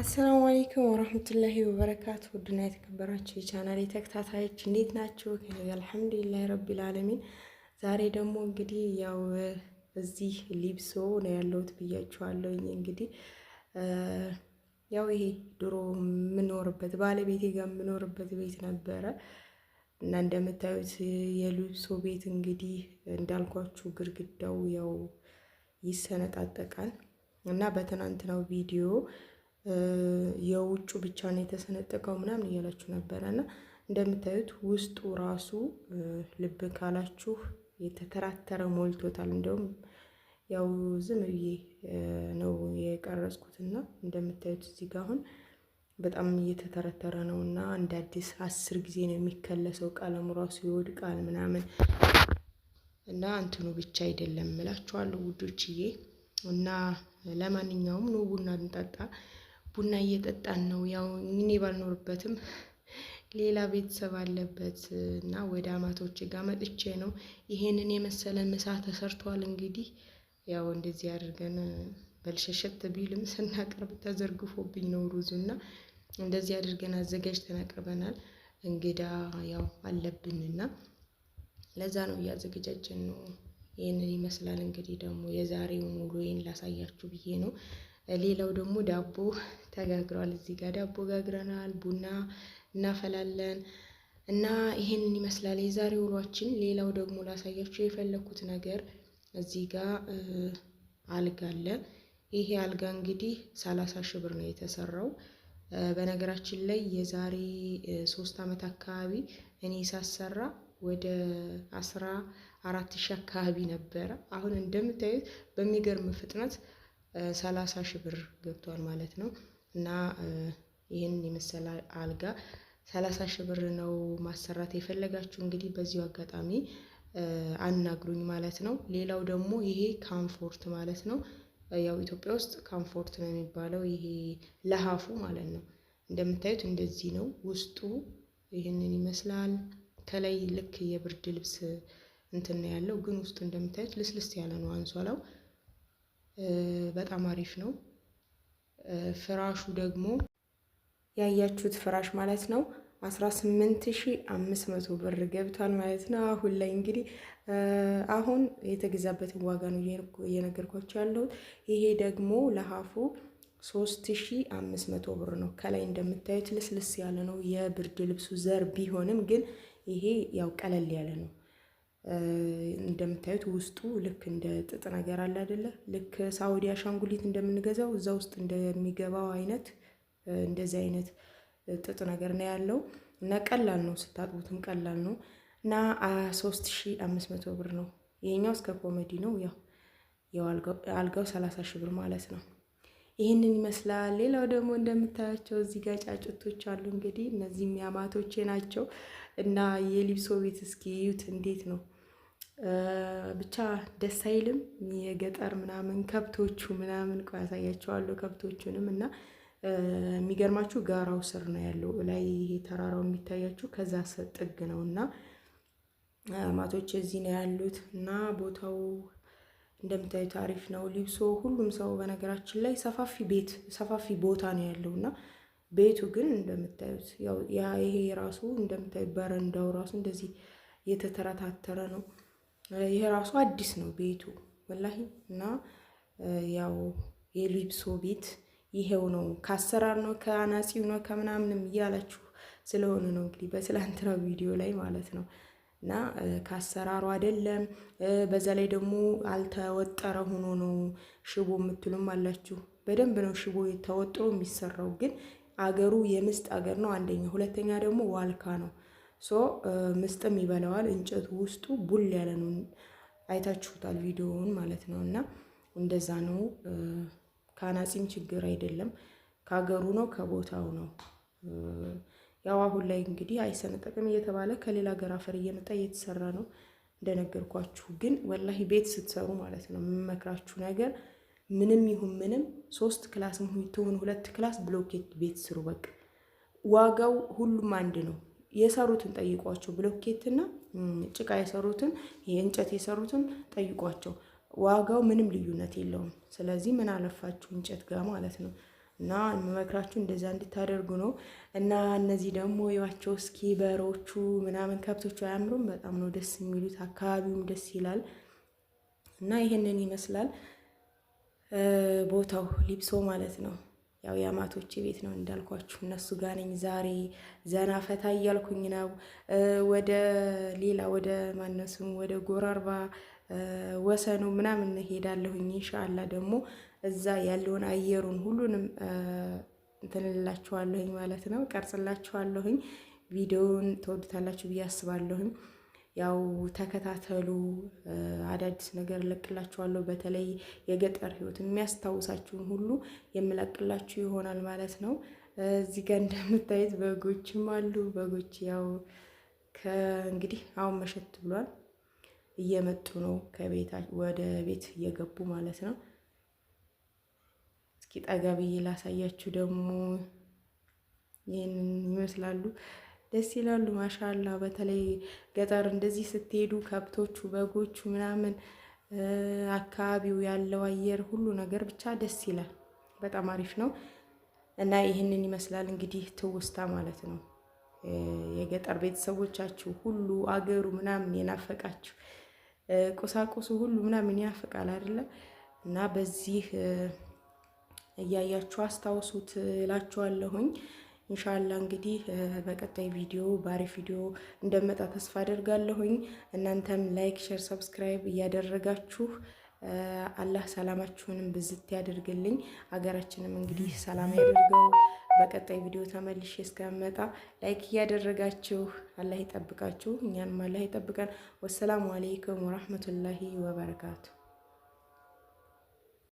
አሰላሙ አለይኩም ወረህመቱላሂ ወበረካቱ። ውድና የተከበራችሁ የቻናል ተከታታዮች እንዴት ናችሁ? አልሐምዱሊላሂ ረቢል ዓለሚን። ዛሬ ደግሞ እንግዲህ ያው እዚህ ሊብሶ ነው ያለሁት ብያችኋለሁ። እንግዲህ ያው ይሄ ድሮ የምኖርበት ባለቤቴ ጋር የምኖርበት ቤት ነበረ እና እንደምታዩት የሊብሶ ቤት እንግዲህ እንዳልኳችሁ ግድግዳው ያው ይሰነጣጠቃል እና በትናንትናው ቪዲዮ የውጩ ብቻ ነው የተሰነጠቀው ምናምን እያላችሁ ነበረ እና እንደምታዩት ውስጡ ራሱ ልብ ካላችሁ የተተራተረ ሞልቶታል። እንደውም ያው ዝም ብዬ ነው የቀረጽኩትና እንደምታዩት እዚህ ጋ አሁን በጣም እየተተረተረ ነው እና እንደ አዲስ አስር ጊዜ ነው የሚከለሰው። ቀለሙ ራሱ ይወድቃል ምናምን እና እንትኑ ብቻ አይደለም እላችኋለሁ ውዶችዬ። እና ለማንኛውም ኑ ቡና እንጠጣ። ቡና እየጠጣን ነው። ያው እኔ ባልኖርበትም ሌላ ቤተሰብ አለበት እና ወደ አማቶች ጋር መጥቼ ነው ይሄንን የመሰለ ምሳ ተሰርቷል። እንግዲህ ያው እንደዚህ አድርገን በልሸሸት ቢልም ስናቀርብ ተዘርግፎብኝ ነው ሩዙ እና እንደዚህ አድርገን አዘጋጅተን አቅርበናል። እንግዳ ያው አለብንና ለዛ ነው እያዘገጃጀን ነው። ይህንን ይመስላል እንግዲህ ደግሞ የዛሬውን ይህን ላሳያችሁ ብዬ ነው። ሌላው ደግሞ ዳቦ ተጋግረዋል። እዚህ ጋር ዳቦ ጋግረናል። ቡና እናፈላለን እና ይሄንን ይመስላል የዛሬ ውሏችን። ሌላው ደግሞ ላሳያችሁ የፈለኩት ነገር እዚህ ጋር አልጋ አለ። ይሄ አልጋ እንግዲህ ሰላሳ ሺህ ብር ነው የተሰራው። በነገራችን ላይ የዛሬ ሶስት ዓመት አካባቢ እኔ ሳሰራ ወደ አስራ አራት ሺህ አካባቢ ነበረ። አሁን እንደምታዩት በሚገርም ፍጥነት ሰላሳ ሺህ ብር ገብቷል ማለት ነው። እና ይህን የመሰለ አልጋ ሰላሳ ሺህ ብር ነው ማሰራት የፈለጋችሁ እንግዲህ በዚሁ አጋጣሚ አናግሩኝ ማለት ነው። ሌላው ደግሞ ይሄ ካምፎርት ማለት ነው። ያው ኢትዮጵያ ውስጥ ካምፎርት ነው የሚባለው ይሄ ለሀፉ ማለት ነው። እንደምታዩት እንደዚህ ነው ውስጡ ይህንን ይመስላል። ከላይ ልክ የብርድ ልብስ እንትን ያለው ግን ውስጡ እንደምታዩት ልስልስ ያለ ነው አንሶላው። በጣም አሪፍ ነው። ፍራሹ ደግሞ ያያችሁት ፍራሽ ማለት ነው 18500 ብር ገብቷል ማለት ነው። አሁን ላይ እንግዲህ አሁን የተገዛበትን ዋጋ ነው እየነገርኳችሁ ያለሁት። ይሄ ደግሞ ለሀፉ 3500 ብር ነው። ከላይ እንደምታዩት ልስልስ ያለ ነው የብርድ ልብሱ ዘር ቢሆንም ግን ይሄ ያው ቀለል ያለ ነው። እንደምታዩት ውስጡ ልክ እንደ ጥጥ ነገር አለ አይደለ? ልክ ሳውዲ አሻንጉሊት እንደምንገዛው እዛ ውስጥ እንደሚገባው አይነት እንደዚህ አይነት ጥጥ ነገር ነው ያለው እና ቀላል ነው፣ ስታጥቡትም ቀላል ነው እና መቶ ብር ነው ይሄኛው። እስከ ኮሜዲ ነው ያው የአልጋው ሰላሳ ሺ ብር ማለት ነው። ይህንን ይመስላል። ሌላው ደግሞ እንደምታያቸው እዚህ ጋር ጫጭቶች አሉ። እንግዲህ እነዚህም ያማቶቼ ናቸው እና የሊብሶ ቤት እስኪ እዩት እንዴት ነው ብቻ ደስ አይልም? የገጠር ምናምን ከብቶቹ ምናምን ቆይ ያሳያቸዋለሁ ከብቶቹንም እና የሚገርማችሁ ጋራው ስር ነው ያለው። ላይ ይሄ ተራራው የሚታያችሁ ከዛ ጥግ ነው እና ማቶች እዚህ ነው ያሉት እና ቦታው እንደምታዩት አሪፍ ነው ሊብሶ ሁሉም ሰው በነገራችን ላይ ሰፋፊ ቤት ሰፋፊ ቦታ ነው ያለው እና ቤቱ ግን እንደምታዩት ይሄ ራሱ እንደምታዩት በረንዳው ራሱ እንደዚህ የተተረታተረ ነው። ይሄ ራሱ አዲስ ነው ቤቱ ወላሂ። እና ያው የሊብሶ ቤት ይሄው ነው። ከአሰራር ነው ከአናጺው ነው ከምናምንም እያላችሁ ስለሆነ ነው እንግዲህ በትላንትና ቪዲዮ ላይ ማለት ነው እና ከአሰራሩ አይደለም። በዛ ላይ ደግሞ አልተወጠረ ሆኖ ነው ሽቦ የምትሉም አላችሁ። በደንብ ነው ሽቦ ተወጥሮ የሚሰራው፣ ግን አገሩ የምስጥ አገር ነው አንደኛ። ሁለተኛ ደግሞ ዋልካ ነው። ሶ ምስጥም ይበላዋል። እንጨቱ ውስጡ ቡል ያለ ነው። አይታችሁታል ቪዲዮውን ማለት ነው። እና እንደዛ ነው። ከአናጺም ችግር አይደለም። ከአገሩ ነው፣ ከቦታው ነው። ያው አሁን ላይ እንግዲህ አይሰነጠቅም እየተባለ ከሌላ ሀገር አፈር እየመጣ እየተሰራ ነው። እንደነገርኳችሁ ግን ወላሂ ቤት ስትሰሩ ማለት ነው የምመክራችሁ ነገር ምንም ይሁን ምንም ሶስት ክላስ ትሁን ሁለት ክላስ ብሎኬት ቤት ስሩ። በቃ ዋጋው ሁሉም አንድ ነው። የሰሩትን ጠይቋቸው። ብሎኬትና ጭቃ የሰሩትን የእንጨት የሰሩትን ጠይቋቸው። ዋጋው ምንም ልዩነት የለውም። ስለዚህ ምን አለፋችሁ እንጨት ጋር ማለት ነው እና የምመክራችሁ እንደዛ እንድታደርጉ ነው። እና እነዚህ ደግሞ የዋቸው እስኪ በሮቹ ምናምን ከብቶቹ አያምሩም? በጣም ነው ደስ የሚሉት። አካባቢውም ደስ ይላል። እና ይሄንን ይመስላል ቦታው ሊብሶ ማለት ነው። ያው የአማቶቼ ቤት ነው እንዳልኳችሁ፣ እነሱ ጋር ነኝ ዛሬ። ዘና ፈታ እያልኩኝ ነው። ወደ ሌላ ወደ ማነሱም ወደ ጎራርባ ወሰኑ ምናምን ሄዳለሁኝ። ኢንሻአላ ደግሞ እዛ ያለውን አየሩን ሁሉንም እንትንላችኋለሁኝ ማለት ነው፣ ቀርጽላችኋለሁኝ። ቪዲዮውን ተወዱታላችሁ ብዬ አስባለሁኝ። ያው ተከታተሉ። አዳዲስ ነገር እለቅላችኋለሁ። በተለይ የገጠር ህይወት የሚያስታውሳችሁን ሁሉ የምለቅላችሁ ይሆናል ማለት ነው። እዚህ ጋር እንደምታዩት በጎችም አሉ። በጎች ያው ከእንግዲህ አሁን መሸት ብሏል። እየመጡ ነው ወደ ቤት እየገቡ ማለት ነው። እስኪ ጠጋ ብዬ ላሳያችሁ ደግሞ ይህንን ይመስላሉ። ደስ ይላሉ። ማሻላ በተለይ ገጠር እንደዚህ ስትሄዱ ከብቶቹ፣ በጎቹ ምናምን አካባቢው ያለው አየር ሁሉ ነገር ብቻ ደስ ይላል። በጣም አሪፍ ነው እና ይህንን ይመስላል እንግዲህ ትውስታ ማለት ነው። የገጠር ቤተሰቦቻችሁ ሁሉ አገሩ ምናምን የናፈቃችሁ ቁሳቁሱ ሁሉ ምናምን ያፍቃል አይደለ? እና በዚህ እያያችሁ አስታውሱት እላችኋለሁኝ። እንሻላ እንግዲህ በቀጣይ ቪዲዮ በአሪፍ ቪዲዮ እንደመጣ ተስፋ አደርጋለሁኝ። እናንተም ላይክ፣ ሼር፣ ሰብስክራይብ እያደረጋችሁ አላህ ሰላማችሁንም ብዝት ያደርግልኝ። ሀገራችንም እንግዲህ ሰላም ያደርገው። በቀጣይ ቪዲዮ ተመልሼ እስከመጣ ላይክ እያደረጋችሁ አላህ ይጠብቃችሁ፣ እኛንም አላህ ይጠብቀን። ወሰላሙ አሌይኩም ወራህመቱላሂ ወበረካቱ